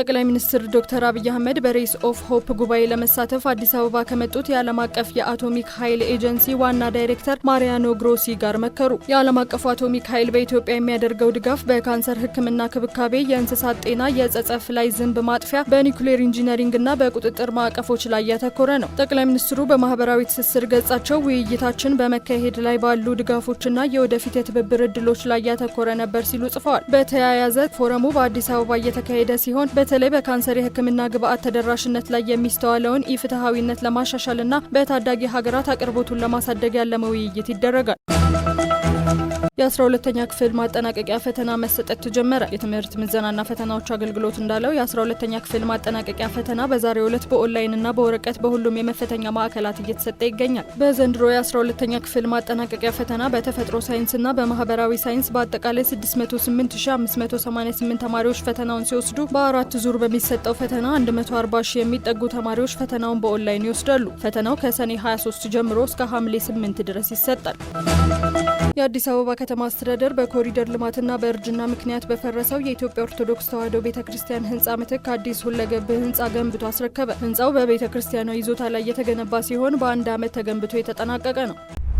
ጠቅላይ ሚኒስትር ዶክተር አብይ አህመድ በሬስ ኦፍ ሆፕ ጉባኤ ለመሳተፍ አዲስ አበባ ከመጡት የዓለም አቀፍ የአቶሚክ ኃይል ኤጀንሲ ዋና ዳይሬክተር ማሪያኖ ግሮሲ ጋር መከሩ። የዓለም አቀፉ አቶሚክ ኃይል በኢትዮጵያ የሚያደርገው ድጋፍ በካንሰር ሕክምና ክብካቤ፣ የእንስሳት ጤና፣ የጸጸፍ ላይ ዝንብ ማጥፊያ፣ በኒውክሌር ኢንጂነሪንግና በቁጥጥር ማዕቀፎች ላይ ያተኮረ ነው። ጠቅላይ ሚኒስትሩ በማህበራዊ ትስስር ገጻቸው ውይይታችን በመካሄድ ላይ ባሉ ድጋፎችና የወደፊት የትብብር እድሎች ላይ ያተኮረ ነበር ሲሉ ጽፈዋል። በተያያዘ ፎረሙ በአዲስ አበባ እየተካሄደ ሲሆን በተለይ በካንሰር የህክምና ግብዓት ተደራሽነት ላይ የሚስተዋለውን ኢፍትሐዊነት ለማሻሻልና በታዳጊ ሀገራት አቅርቦቱን ለማሳደግ ያለመ ውይይት ይደረጋል። የ12ተኛ ክፍል ማጠናቀቂያ ፈተና መሰጠት ተጀመረ። የትምህርት ምዘናና ፈተናዎች አገልግሎት እንዳለው የ12ተኛ ክፍል ማጠናቀቂያ ፈተና በዛሬው ዕለት በኦንላይንና በወረቀት በሁሉም የመፈተኛ ማዕከላት እየተሰጠ ይገኛል። በዘንድሮ የ12ተኛ ክፍል ማጠናቀቂያ ፈተና በተፈጥሮ ሳይንስና በማህበራዊ ሳይንስ በአጠቃላይ 68588 ተማሪዎች ፈተናውን ሲወስዱ በአራት ዙር በሚሰጠው ፈተና 140 ሺህ የሚጠጉ ተማሪዎች ፈተናውን በኦንላይን ይወስዳሉ። ፈተናው ከሰኔ 23 ጀምሮ እስከ ሐምሌ 8 ድረስ ይሰጣል። የአዲስ አበባ ከተማ አስተዳደር በኮሪደር ልማትና በእርጅና ምክንያት በፈረሰው የኢትዮጵያ ኦርቶዶክስ ተዋሕዶ ቤተ ክርስቲያን ህንፃ ምትክ አዲስ ሁለገብ ህንፃ ገንብቶ አስረከበ። ህንፃው በቤተ ክርስቲያኗ ይዞታ ላይ የተገነባ ሲሆን በአንድ ዓመት ተገንብቶ የተጠናቀቀ ነው።